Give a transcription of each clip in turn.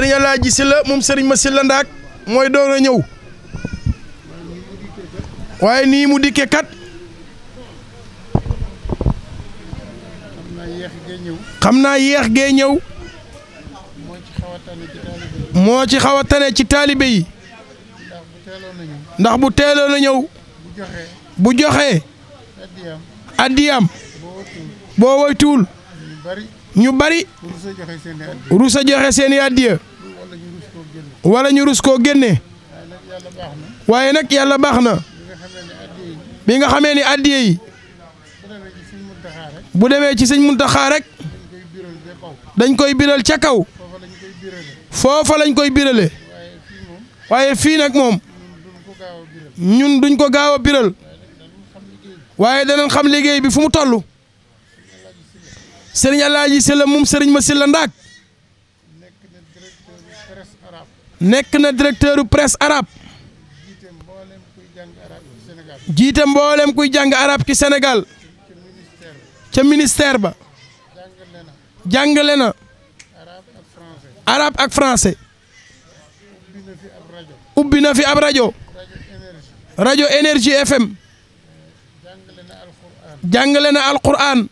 sëriñ Alaaji Sylla moom sëriñ ma Sylla Ndaak mooy doon a ñëw waaye nii mu dikkee kat xam naa yeex gee ñëw moo ci xaw a tane ci taalibe yi ndax bu teeloon a ñëw bu joxee addiyam boo woytuwul ñu bari rusa joxe seeni addiya wala ñu rus koo génne waaye nag yàlla baax na bi nga xamee ni addiye yi bu demee ci sëñ Muntaxa rek dañ koy biral ca kaw foofa lañ koy birale waaye fii nag moom ñun duñ ko gaaw a biral waaye danañ xam liggéey bi fu mu tollu sëriñ Alaaji Silla moom sëriñ ma Silla Ndaak nekk na directeur presse arabe jiite mboolem kuy jàng arabe ci senegal ca ministère ba jàngale na arabe ak français ubbi na fi ab rajo rajo énergie FM jàngale na Alquraan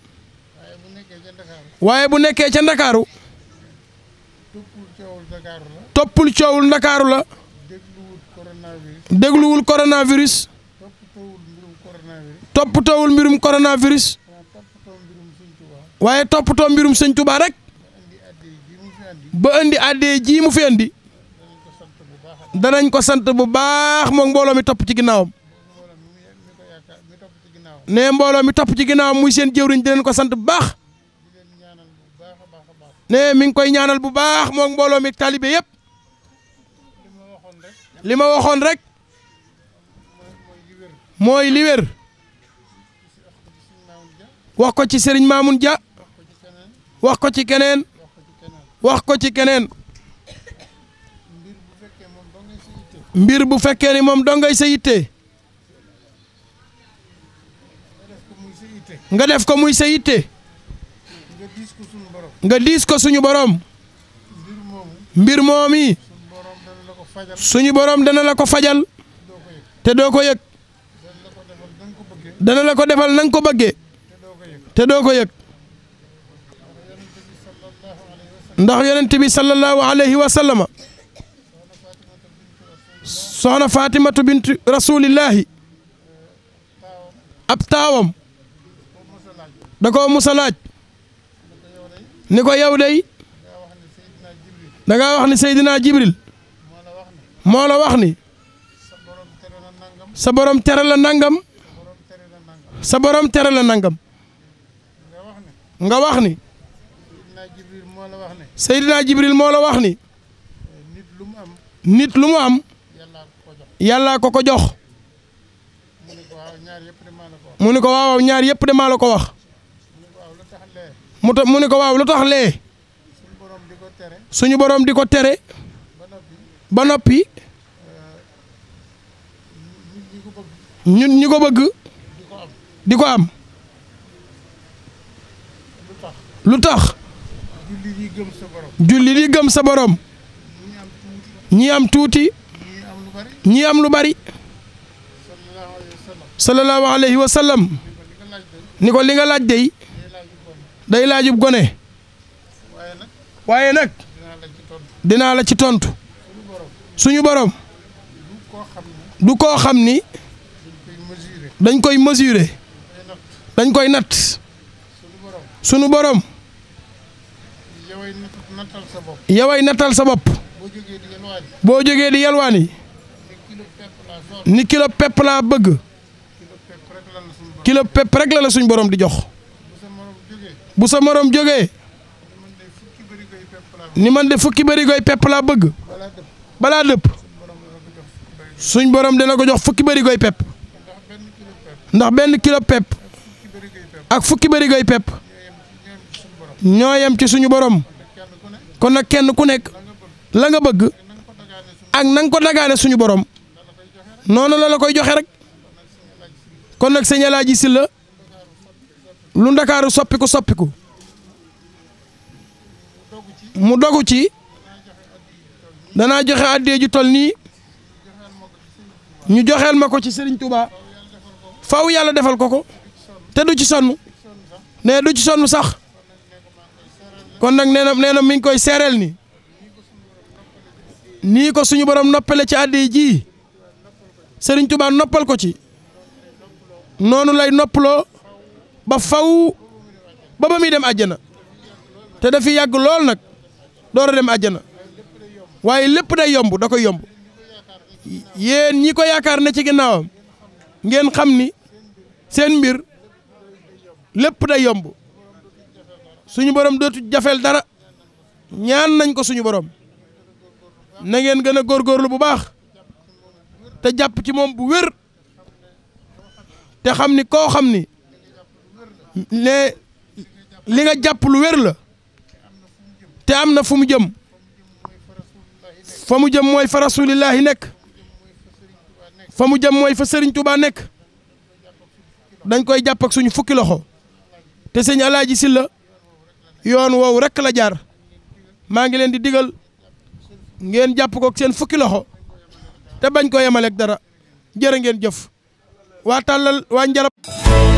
waaye bu nekkee ca Ndakaaru toppul coowul ndakaaru la dégluwul coronavirus toppatoowul mbirum coronavirus waaye toppatoo mbirum sëñ Tuubaa rek ba indi addee ji mu fi indi danañ ko sant bu baax moom mbooloo mi topp ci ginnaawam ne mbooloo mi topp ci ginnaawam muy seen jëwriñ dinañ ko sant bu baax ne mi ngi koy ñaanal bu baax moom mbooloo mi taalibe yëpp. li ma waxoon rek mooy li wér wax ko ci sëriñ Mamoun Dia wax ko ci keneen wax ko ci keneen mbir bu fekkee ni moom dongay sa yitte nga def ko muy sa yitte nga diis ko suñu borom mbir moomi suñu borom dana la ko fajal te doo ko yëg dana la ko defal na ko bëggee te doo ko yëg ndax yonent bi sallallahu alayhi wa sallama soxna fatimatu bint ab taawam da koo musa ni ko yow day da ngaa wax ni Seydina Jibril moo la wax ni sa borom tere la nangam sa boroom tere la nangam nga wax ni Seydina Jibril moo la wax ni nit lu mu am yàllaa ko ko jox mu ni ko waaw ñaar yëpp de maa la ko wax mu mu ne ko waaw lu tax lee suñu borom di ko tere ba noppi ñun ñu ko bëgg di ko am lu tax julli di gëm sa borom ñi am tuuti ñi am lu bari sallallahu alayhi wa ni ko li nga laaj day day laajub gone waaye nag dinaa la ci tontu suñu boroom du koo xam ni dañ koy mesurer dañ koy natt sunu boroom yaway nattal sa bopp boo jógee di yalwaani ni kilo pepp laa bëgg kilo pepp rek la la suñ boroom di jox bu sa moroom jógee ni man de fukki barigoy pepp laa bëgg balaa dëpp suñ borom dina ko jox fukki barigoy pepp ndax benn kilo pepp ak fukki bërigoy pepp ñoo yem ci suñu borom kon nag kenn ku nekk la nga bëgg ak na ko dagaane suñu borom noonu la la koy joxe rek kon nag sëñ Alaaji Sylla lu ndakaaru soppiku soppiku mu dogu ci danaa joxe addiya ju tol nii ñu joxeel ma ko ci Serigne Touba. faw yàlla defal ko ko te du ci sonn ne du ci sonn sax kon nag nee na nee na mi ngi koy seereel ni nii ko suñu borom noppale ci àddi ji Serigne Touba noppal ko ci noonu lay noppaloo ba faw ba ba muy dem àjjana te dafi yàgg lool nag door a dem àjjana waaye lépp day yomb da ko yomb yéen ñi ko yaakaar ne ci ginnaawam ngeen xam ni seen mbir lépp day yomb suñu borom dootu jafeel dara ñaan nañ ko suñu boroom na ngeen gën a góorgóorlu bu baax te jàpp ci moom bu wér te xam ni koo xam ni li nga jàpp lu wér la te am na fu mu jëm fa mu jëm mooy fa rasulillahi nekk fa mu jëm mooy fa Serigne Touba nekk dañ koy jàpp ak suñu fukki loxo te sëñ Alaaji Sylla yoon woowu rek la jaar maa ngi leen di digal ngeen jàpp ko ak seen fukki loxo te bañ ko yemaleeg dara jërë ngeen jëf waa tàllal waa njarab